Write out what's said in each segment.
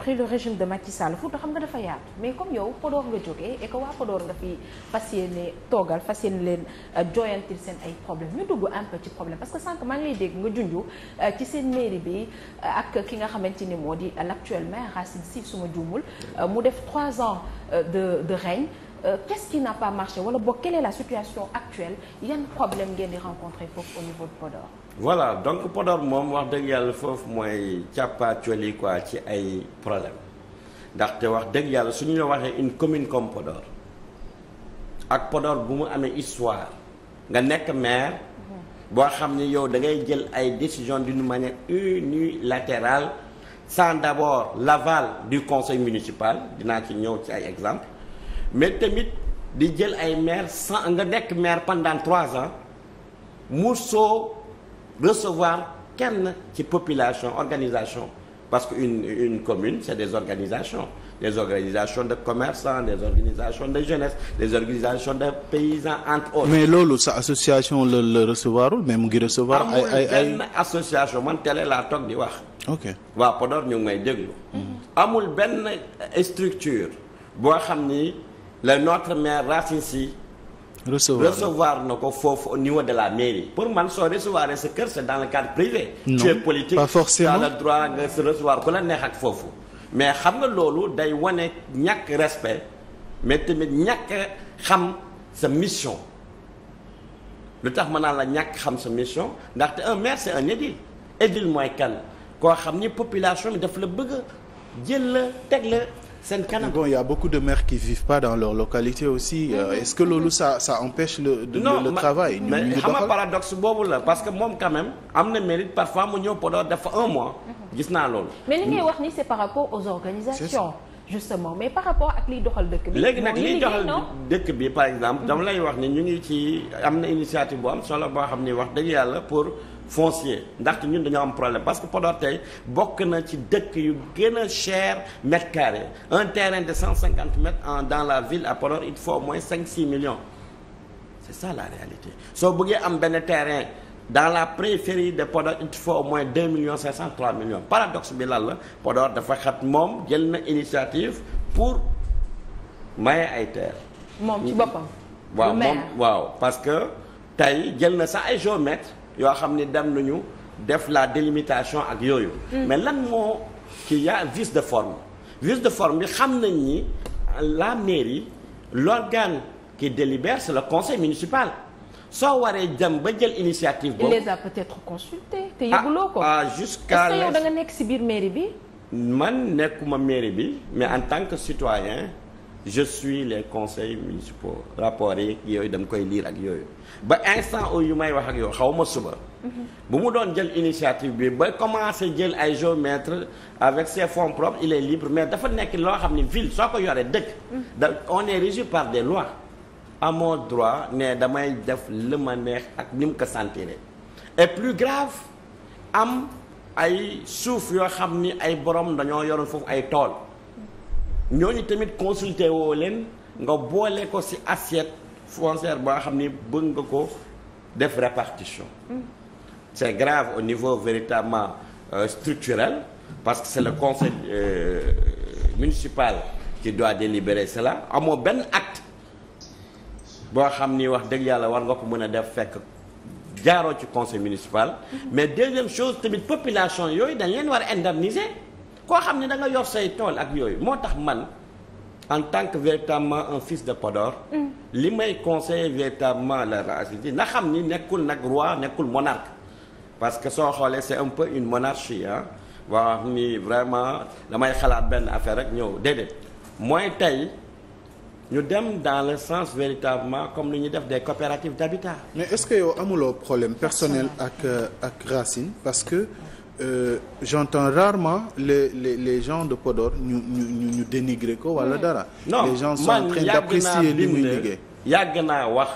après le régime de Macky Sall Fouta xam nga dafa yaatu mais comme yow Podor nga jógee et que waa Podor nga fi fas ne toogal fas yéene leen euh, jooyantil seen ay problème ñu dugg un ci problème parce que sànq maa ngi lay dégg nga junju euh, ci seen mairie bi euh, ak ki nga xamante ni moo di l' actuel maire suma juumul mu def trois ans de de règne euh, quest n'a pas marché wala boog quelle est la situation actuelle yan problème ngeen di rencontrer foofu au niveau de Podor. voilà donc Podor moom wax dëgg yàlla foofu mooy càppaacoli quoi ci ay problème ndaxte wax dëgg yàlla suñu la waxee une commune comme Podor ak Podor bu mu amee histoire nga nekk maire boo xam ne yow da ngay jël ay décision d'une manière unilatérale sans d'abord l'aval du conseil municipal dinaa ci ñëw ci ay exemple mais tamit di jël ay maire sans nga nekk maire pendant trois ans mu soo recevoir kenn ci population organisation parce que une une commune c'est des organisations des organisations de commerçants des organisations de jeunesse des organisations de paysan entre autres. mais loolu sa association la la recevoirul mais mu ngi recevoir. ay amul benn association man télé laa toog di wax. ok waa Podor ñu ngi may déglu. Mhm. amul benn structure boo xam ni. la notre maire Racine Sy recevoir recevoir na ko foofu au niveau de la mairie. pour man soo recevoir sa kër c'est dans le cadre privé. non tu es politique pas forcément t'as droit nga recevoir ku la neex ak foofu. mais xam nga loolu day wane ñàkk respect mais tamit ñakk xam sa mission lu tax ma naa la ñàkk xam sa mission ndaxte un maire c'est un édile édile mooy kan koo xam ni population bi daf la bëgg jël la teg la. seen kanam bon y' beaucoup de maires qui vivent pas dans leur localité aussi mm-hmm. euh, est-ce que loolu ça ça empêche le. travail ñu ñu xam boobu la parce que moom quand même am na mérite parfois mu ñëw Podor def fa un mois. Mm-hmm. gis naa loolu. mais li ngay mm. wax ni c'est par rapport aux organisations. justement mais par rapport ak liy doxal dëkk bi. léegi nag liy doxal dëkk bi par exemple. dama mm-hmm. lay wax ni ñu ngi ci am na initiative bu am solo ba xam ni wax dëgg yàlla pour. foncier ndaxte ñun dañoo am problème parce que Podor tey bokk na ci dëkk yu gën a cher mètre carré un terrain de 150 mètres en dans la ville à Podor il faut au moins 5 6 millions c'est ça la réalité soo bëggee am benn terrain dans la périphérie de Podor il faut au moins 2 millions 500 3 millions paradoxe bi lan la Podor dafa xat moom jël na initiative pour maye ay terre. moom ci boppam. waaw moom waaw parce que tey jël na sax ay géomètre yoo xam ni dem nañu def la délimitation ak yooyu. Mm. mais lan moo kii y a vice de forme vice de forme bi xam nañ ni la mairie l'organe qui délibère c'est le conseil municipal. soo waree jëm ba jël initiative boobu. il les a te yëguloo ko. ah, ah jusqu'à est da nga nekk ci biir mairie bi. man nekkuma mairie bi mais en tant que citoyen. je suis les conseil municipaux rapport yeeg yooyu dama koy liir ak yooyu ba instant où yu may wax ak yow xaw ma suba. Mm-hmm. bu mu doon jël initiative bi ba commencé jël ay géomètres avec ses fonds propres il est libre mais dafa nekk loo xam ni ville soo ko yoree dëkk. Mm-hmm. da on est régi par des lois. amoo droit ne damay def li ma neex ak ni mu ko sentiré et plus grave am ay suuf yoo xam ni ay borom dañoo yoroon foofu ay tool. ñooñu tamit consulter woo leen nga boole ko ci assiette foncière ba nga xam ni bëgg nga ko def répartition. Mm. c'est grave au niveau véritablement euh, structurel parce que c'est le conseil euh, municipal qui doit délibérer la amoo benn acte boo xam ni wax dëgg yàlla war nga ko mën a def fekk jaaroo ci conseil municipal. Mm-hmm. mais deuxième chose tamit population yooyu dañ leen war a indemniser. koo xam ne da nga yor say tool ak yooyu moo tax man en tant que véritablement un fils de Podor. Mm. li may conseiller véritablement la race na xam ni nekkul nag roi nekkul monarque parce que soo xoolee c'est un peu une monarchie ah waaw ni vraiment damay xalaat benn affaire rek ñëw déedéet mooy tey ñu dem dans le sens véritablement comme lu ñuy def des coopératives d'habitat mais est-ce que yow amuloo problème personnel ak euh, ak Racine parce que. euh, j'entends rarement les les les gens de Podor ñu ñu ñu ñu dénigrer ko wala hmm. dara. les gens sont en train d'apprécier li muy liggéey. yàgg naa wax.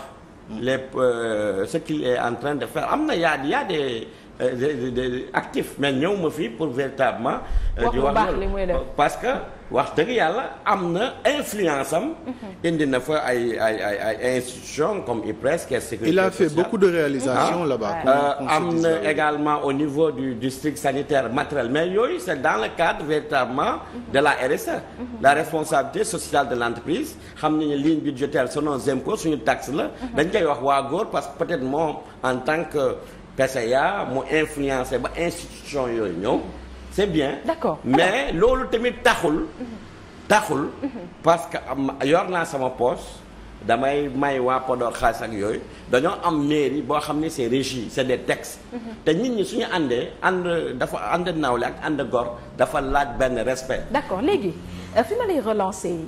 Hmm. les euh, ce qu'il est en train de faire am na y a y a des. Euh, actif mais ñëw ma fii pour véritablement euh, di wax loolu parce que wax dëgg yàlla am na influence am mhm. indi na fa ay ay ay ay institution comme IPRES caisse sécurité il a fait beaucoup de réalisations ah. là-bas euh, am na également au niveau du district sanitaire matériel mais yooyu c'est dans le cadre véritablement mhm. de la RSE mhm. la responsabilité sociale de l'entreprise xam nañu ligne budgétaire selon impôts suñu taxe la dañ koy wax waa parce que peut-être en tant que PCA mu influencé ba institution yooyu ñëw c'est bien. d'accord mais loolu tamit taxul. taxul. parce que am yor naa sama poche damay may waa Podor xaalis ak yooyu dañoo am mairie boo xam ne c'est régi c'est des textes. te nit ñi suñu àndee ànd dafa ànd nawle ak ànd gor dafa laaj benn respect. d'accord léegi euh, fi ma lay relancer.